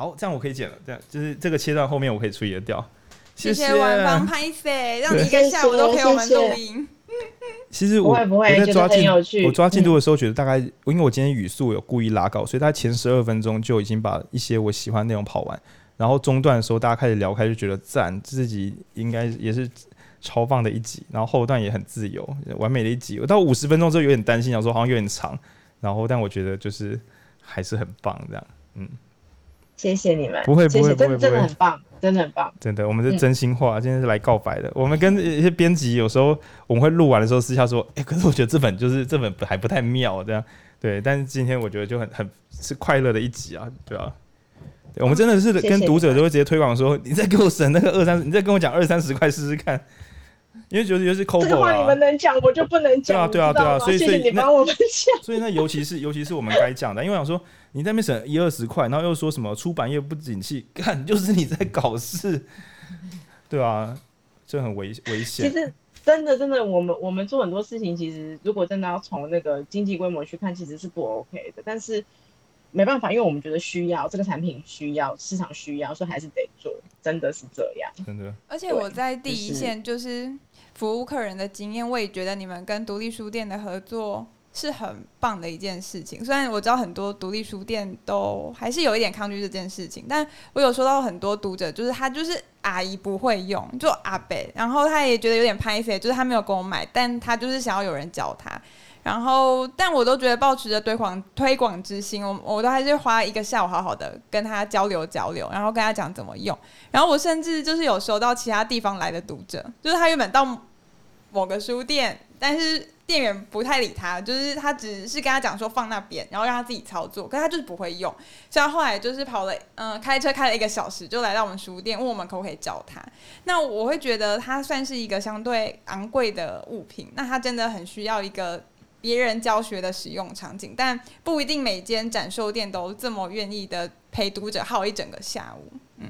好，這樣我可以剪了。這樣就是這個切斷後面我可以處理的掉。謝謝官方拍攝讓你一個下午對都陪我們錄音。謝謝。其實我，不會不會，我在抓進，我抓進度的時候覺得大概，嗯、因為我今天語速有故意拉高，所以他前十二分鐘就已經把一些我喜歡內容跑完。然後中段的時候大家開始聊開就覺得讚，自己應該也是超棒的一集。然後後段也很自由，完美的一集。我到五十分鐘之後有點擔心，我說好像有點長。然後但我覺得就是還是很棒，這樣嗯。謝謝你們，不會不會，真真的很棒，真的很棒，真的，我們是真心話，嗯、今天是來告白的。我們跟一些編輯有時候，我們會錄完的時候私下說，哎、欸，可是我覺得這本就是這本還不太妙這樣，對。但是今天我覺得就很很是快樂的一集啊，對啊對。我們真的是跟讀者都會直接推廣說，你再給我省那個二三，30，你再跟我講二三十塊試試看。因為覺得，因為是摳摳啊。這個話你們能講，我就不能講。對啊，對啊，對啊，對啊，對啊，對啊。所以，所以你幫我們講。所以，那尤其是，尤其是我們該講的啊， 因為想說，你在那邊省一二十塊，然後又說什麼出版業不景氣，看就是你在搞事，對啊，這很危危險。其實，真的，真的，我們我們做很多事情，其實如果真的要從那個經濟規模去看，其實是不 OK 的，但是。沒辦法，因為我們覺得需要這個產品，需要市場需要，所以還是得做，真的是這樣。真的。而且我在第一線就是服務客人的經驗，我也覺得你們跟獨立書店的合作是很棒的一件事情。雖然我知道很多獨立書店都還是有一點抗拒這件事情，但我有收到很多讀者，就是他就是阿姨不會用，就阿北，然後他也覺得有點排斥，就是他沒有跟我買，但他就是想要有人教他。然後，但我都覺得抱持著推廣推廣之心，我我都還是花一個下午好好的跟他交流交流，然後跟他講怎麼用。然後我甚至就是有收到其他地方來的讀者，就是他原本到某個書店，但是店員不太理他，就是他只是跟他講說放那邊，然後讓他自己操作，可是他就是不會用。像後來就是跑了，嗯、呃，開車開了一個小時就來到我們書店，問我們可不可以教他。那我會覺得他算是一個相對昂貴的物品，那他真的很需要一個。別人教學的使用場景，但不一定每間展售店都這麼願意的陪讀者耗一整個下午。嗯，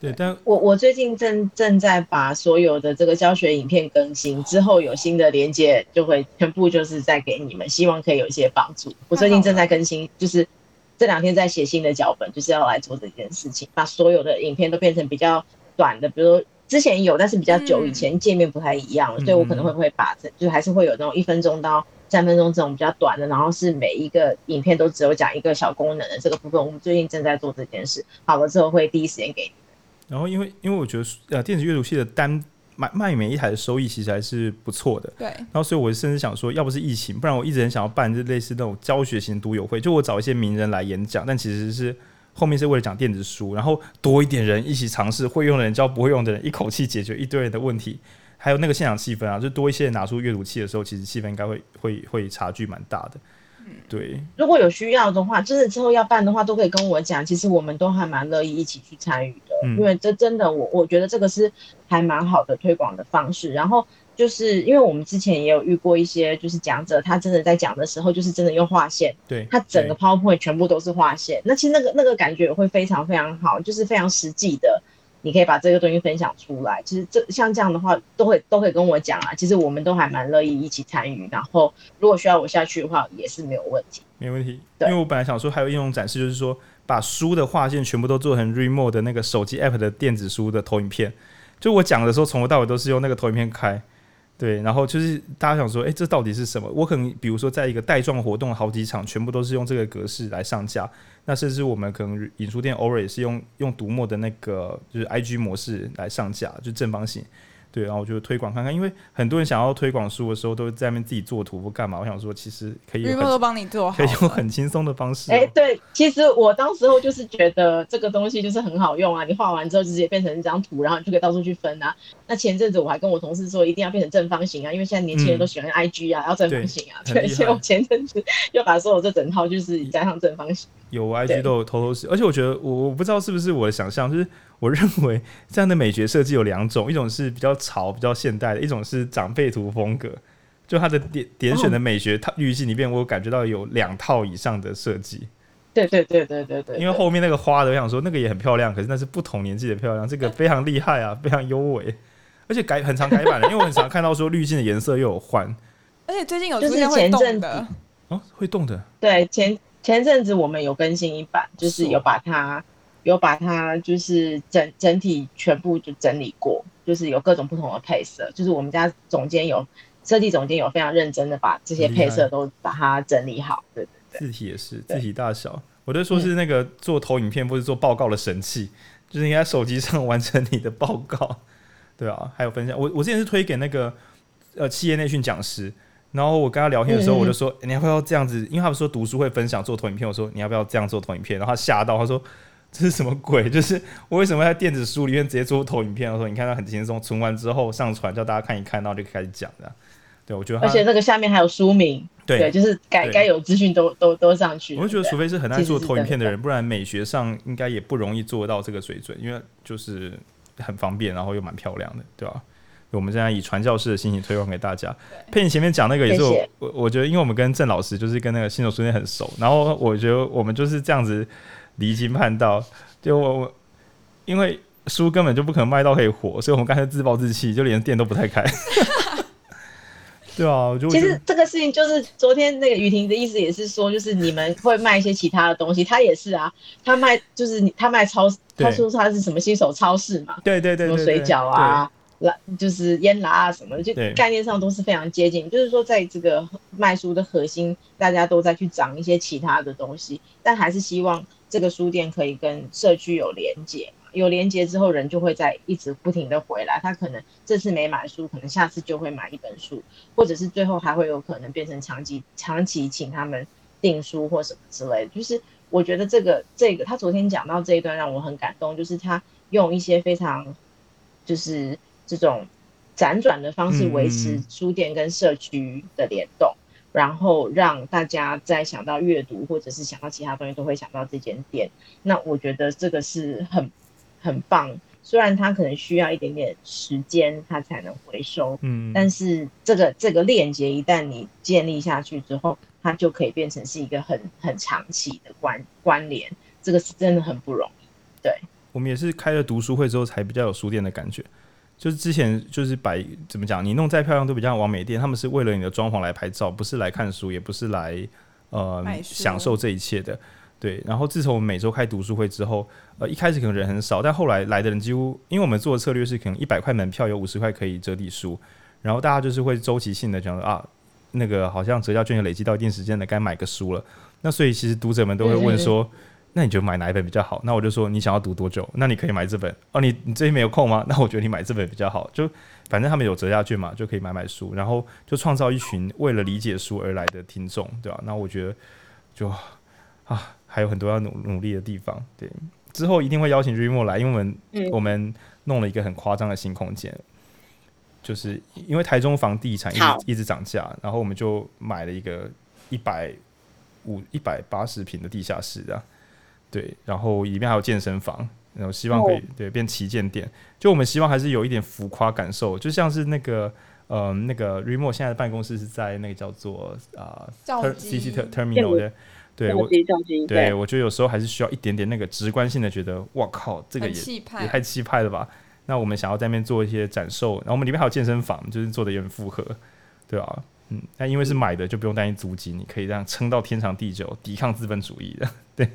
對，但我我最近正正在把所有的這個教學影片更新，之後有新的連接就會全部就是再給你們，希望可以有一些幫助。我最近正在更新，就是這兩天在寫新的腳本，就是要來做這件事情，把所有的影片都變成比較短的，比如。之前有，但是比較久以前嗯，界面不太一樣，所以我可能會不會把就還是會有那種一分鐘到三分鐘這種比較短的，然後是每一個影片都只有講一個小功能的這個部分。我們最近正在做這件事，好了之後會第一時間給你。然後因為因為我覺得呃電子閱讀器的單賣賣每一台的收益其實還是不錯的。對。然後所以我甚至想說，要不是疫情，不然我一直很想要辦這類似那種教學型讀友會，就我找一些名人來演講，但其實是。後面是為了講電子書，然後多一點人一起嘗試，會用的人教不會用的人，一口氣解決一堆人的問題。還有那個現場氣氛啊，就多一些人拿出閱讀器的時候，其實氣氛應該會會會差距蠻大的。嗯，對。如果有需要的話，就是之後要辦的話，都可以跟我講。其實我們都還蠻樂意一起去參與的，嗯，因為這真的我，我我覺得這個是還蠻好的推廣的方式。然後，就是因為我們之前也有遇過一些，就是講者他真的在講的時候，就是真的用畫線，對他整個 PowerPoint 全部都是畫線。那其實那個那個感覺也會非常非常好，就是非常實際的，你可以把這個東西分享出來。其實這像這樣的話，都會都可以跟我講啊。其實我們都還蠻樂意一起參與。然後如果需要我下去的話，也是沒有問題，沒問題。對因為我本來想說還有應用展示，就是說把書的畫線全部都做成 Readmoo 的那個手機 app 的電子書的投影片。就我講的時候，從頭到尾都是用那個投影片開。對，然後就是大家想說，哎，這到底是什麼？我可能比如說，在一個帶狀活動好幾場，全部都是用這個格式來上架。那甚至我們可能引書店偶爾也是用用讀墨的那個，就是 IG 模式來上架，就正方形。對，然後我就推廣看看，因為很多人想要推廣書的時候，都在外面自己做圖或幹嘛。我想說，其實可以，Readmoo 都幫你做，可以用很輕鬆的方式、哦。哎、欸，對，其實我當時候就是覺得這個東西就是很好用啊，你畫完之後直接變成一張圖，然後你就可以到處去分啊。那前陣子我還跟我同事說，一定要變成正方形啊，因為現在年輕人都喜歡 IG 啊，嗯、要正方形啊。對，對，所以我前陣子又把所有這整套就是加上正方形。有 I G 都有偷偷使用，對而且我覺得我我不知道是不是我的想象，就是我認為這樣的美學設計有兩種，一種是比較潮、比較現代的，一種是長輩圖風格。就它的點點選的美學、哦、它濾鏡裡面，我感覺到有兩套以上的設計。對對對對,對對對對對對，因為後面那個花，我想說那個也很漂亮，可是那是不同年紀的漂亮，這個非常厲害啊，啊非常優美，而且改很常改版了， 因為我很常看到說濾鏡的顏色又有換，而且最近有動就是前陣的哦，會動的，對前。前陣子我們有更新一版，就是有把它，有把它，就是整整體全部就整理過，就是有各種不同的配色，就是我們家總監有設計總監有非常認真的把這些配色都把它整理好，害對對對，字體也是，字對體大小，我都說是那個做投影片或者做報告的神器，嗯、就是你在手機上完成你的報告，對啊，還有分享，我我之前是推給那個呃企業內訓講師。然後我跟他聊天的時候，我就說嗯嗯、欸、你要不要這樣子？因為他們說讀書會分享做投影片，我說你要不要這樣做投影片？然後他嚇到，他說這是什麼鬼？就是我為什麼在電子書裡面直接做投影片？我說你看他很輕鬆，存完之後上傳，叫大家看一看，到就開始講的。對，我覺得而且那個下面還有書名，對，對，就是該該對有資訊都都都上去。我就覺得，除非是很愛做投影片的人，的不然美學上應該也不容易做到這個水準，對因為就是很方便，然後又蠻漂亮的，對吧、啊？我們現在以傳教士的心情推廣給大家。佩對，你前面講那個也是我，謝謝我，我覺得，因為我們跟鄭老師就是跟那個新手書店很熟，然後我覺得我們就是這樣子離經叛道，就我我因為書根本就不可能賣到可以火，所以我們剛才自暴自棄，就連店都不太開。 對啊，就其實這個事情就是昨天那個雨婷的意思也是說，就是你們會賣一些其他的東西。他也是啊，他賣就是他賣超，他說對他是什麼新手超市嘛，對對對，對，對對對，水餃啊。拉就是煙拉啊什麼的，就概念上都是非常接近。對就是說，在這個賣書的核心，大家都在去漲一些其他的東西，但還是希望這個書店可以跟社區有連接。有連接之後，人就會再一直不停地回來。他可能這次沒買書，可能下次就會買一本書，或者是最後還會有可能變成長期長期請他們訂書或什麼之類的。就是我覺得這個這個，他昨天講到這一段讓我很感動，就是他用一些非常就是。這種輾轉的方式維持書店跟社區的聯動，嗯、然後讓大家在想到閱讀或者是想到其他東西都會想到這間店。那我覺得這個是很很棒，雖然它可能需要一點點時間它才能回收，嗯，但是這個這個鏈接一旦你建立下去之後，它就可以變成是一個很很長期的關關聯。這個是真的很不容易。對，我們也是開了讀書會之後才比較有書店的感覺。就是之前就是擺怎麼講，你弄再漂亮都比較網美店，他們是為了你的裝潢來拍照，不是來看書，也不是來呃書享受這一切的，對。然後自從我們每周開讀書會之後，呃，一開始可能人很少，但後來來的人幾乎，因為我們做的策略是可能一百塊門票有五十塊可以折抵書，然後大家就是會週期性的講說啊，那個好像折價券也累積到一定時間了，該買個書了。那所以其實讀者們都會問說。對對對那你覺得買哪一本比較好？那我就說，你想要讀多久？那你可以買這本哦、啊。你你最近沒有空嗎？那我覺得你買這本比較好。就反正他們有折價券嘛，就可以買買書，然後就創造一群為了理解書而來的聽眾，對吧、啊？那我覺得就啊，還有很多要努努力的地方。對，之後一定會邀請 Readmoo 來，因為我們、嗯、我們弄了一個很誇張的新空間，就是因為台中房地產一直好一直漲價，然後我們就買了一個一百五一百八十平的地下室的、啊。對，然後裡面還有健身房，然後希望可以、哦、對變旗艦店。就我們希望還是有一點浮誇感受，就像是那個嗯、呃，那個 Readmoo 現在的辦公室是在那個叫做啊、呃、機 ter,，CC Terminal 的影對。對，我對，我覺得有時候還是需要一點點那個直觀性的，覺得哇靠，這個也，也太氣派了吧！那我們想要在那邊做一些展售，然後我們裡面還有健身房，就是做的也很複合，對吧、啊？嗯，那因為是買的，嗯、就不用擔心租金，你可以這樣撐到天長地久，抵抗資本主義的，對。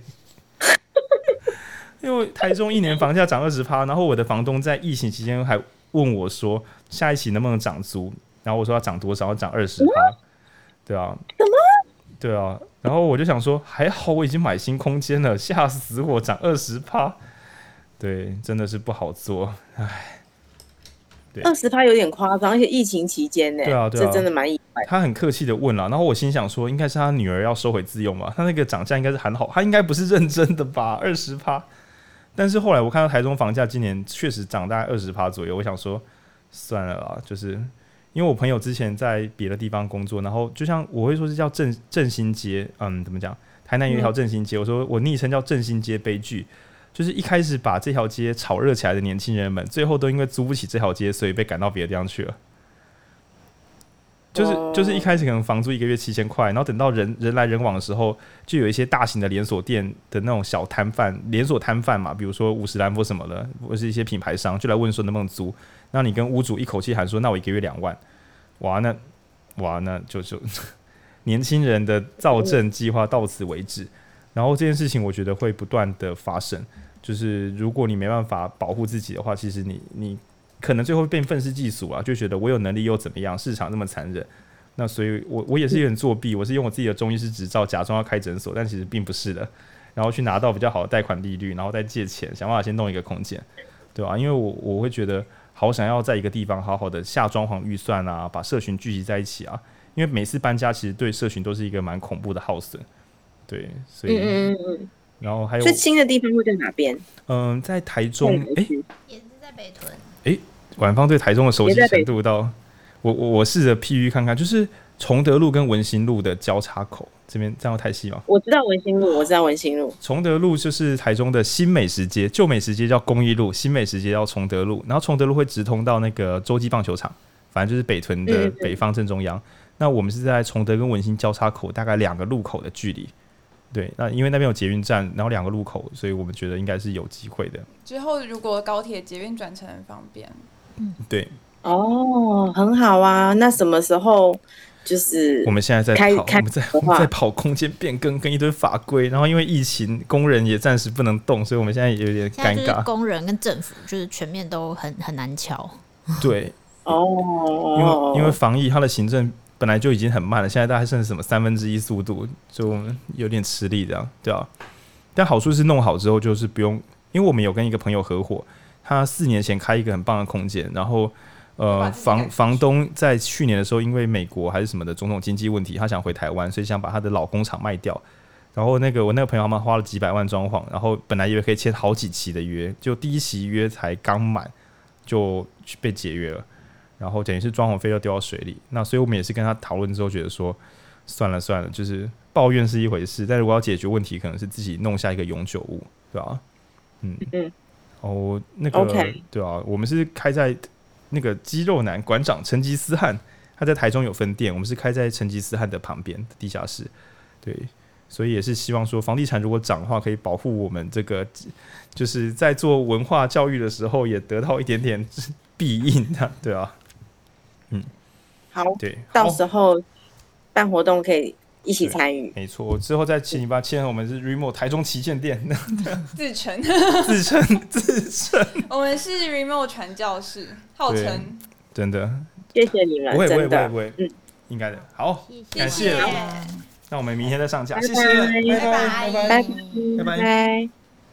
因為台中一年房價漲二十趴，然後我的房東在疫情期間還問我說下一期能不能漲租，然後我說要漲多少？要漲二十趴，對啊，什麼？對啊，然後我就想說還好我已經買新空間了，嚇死我漲二十趴，對，真的是不好做，哎，二十趴有點誇張，而且疫情期間呢，對啊，這真的蠻意外。他很客氣的問了，然後我心想說應該是他女兒要收回自用吧，他那個漲價應該是很好，他應該不是認真的吧？二十趴。但是後來我看到台中房價今年確實漲大概二十趴左右，我想說算了啦，就是因為我朋友之前在別的地方工作，然後就像我會說是叫正正興街，嗯，怎麼講？台南有一條正興街，嗯、我說我昵稱叫正興街悲劇，就是一開始把這條街炒熱起來的年輕人們，最後都因為租不起這條街，所以被趕到別的地方去了。就是就是一開始可能房租一個月七千塊，然後等到人人來人往的時候，就有一些大型的連鎖店的那種小攤販，連鎖攤販嘛，比如說五十嵐或什麼的，或是一些品牌商就來問說能不能租，那你跟屋主一口氣喊說那我一個月兩萬，哇那哇那就就年輕人的造證計劃到此為止，然後這件事情我覺得會不斷的發生，就是如果你沒辦法保護自己的話，其實你你。可能最後變憤世嫉俗啊，就覺得我有能力又怎麼樣？市場那麼殘忍，那所以我我也是有點作弊，我是用我自己的中醫師執照假裝要開診所，但其實並不是的。然後去拿到比較好的貸款利率，然後再借錢，想辦法先弄一個空間，對啊，因為我我會覺得好想要在一個地方好好的下裝潢預算啊，把社群聚集在一起啊，因為每次搬家其實對社群都是一個蠻恐怖的耗損，對，所以，嗯嗯嗯然後還有，所以新的地方會在哪邊？嗯，在台中，哎對，欸、也是在北屯，哎、欸。官方對台中的熟悉程度，到我我我試着比喻看看，就是崇德路跟文心路的交叉口這邊，這邊這樣會太細嗎？我知道文心路，我知道文心路。崇德路就是台中的新美食街，舊美食街叫公益路，新美食街叫崇德路。然後崇德路會直通到那個洲際棒球場，反正就是北屯的北方正中央。嗯嗯嗯，那我們是在崇德跟文心交叉口，大概兩個路口的距離。對，那因為那邊有捷運站，然後兩個路口，所以我們覺得應該是有機會的。之後如果高鐵捷運轉乘很方便，嗯、對哦，很好啊。那什麼時候，就是我們現在在跑，我們在我們在跑空間變更跟一堆法規。然後因為疫情，工人也暫時不能動，所以我們現在也有點尷尬。工人跟政府就是全面都很很難敲。對哦，因為因為防疫，它的行政本來就已經很慢了，現在大概剩什麼三分之一速度，就有點吃力這樣，對啊，但好處是弄好之後，就是不用，因為我們有跟一個朋友合夥。他四年前開一個很棒的空間，然後，呃，房房東在去年的時候，因為美國還是什麼的總統經濟問題，他想回台灣，所以想把他的老工廠賣掉。然後那個我那個朋友他們花了幾百萬裝潢，然後本來以為可以簽好幾期的約，就第一期約才剛滿就被解約了，然後等於是裝潢費要丟到水裡。那所以我們也是跟他討論之後，覺得說算了算了，就是抱怨是一回事，但是如果要解決問題，可能是自己弄下一個永久物，對吧、啊？嗯嗯。哦，oh, 那個 Okay. 對啊，我們是開在那個肌肉男館長成吉思汗，他在台中有分店，我們是開在成吉思汗的旁邊地下室，對，所以也是希望說房地產如果漲的話，可以保護我們這個，就是在做文化教育的時候也得到一點點庇蔭的，對啊， 嗯好，好，對，到時候辦活動可以。一起參與，沒錯。我之後再請你把簽，我們是 Remote 台中旗艦店，自稱自稱自稱，我們是 Remote 傳教士，號稱真的，謝謝你們，不會不會不會，嗯，應該的好，感謝，那我們明天再上架。謝謝，拜拜拜拜拜拜。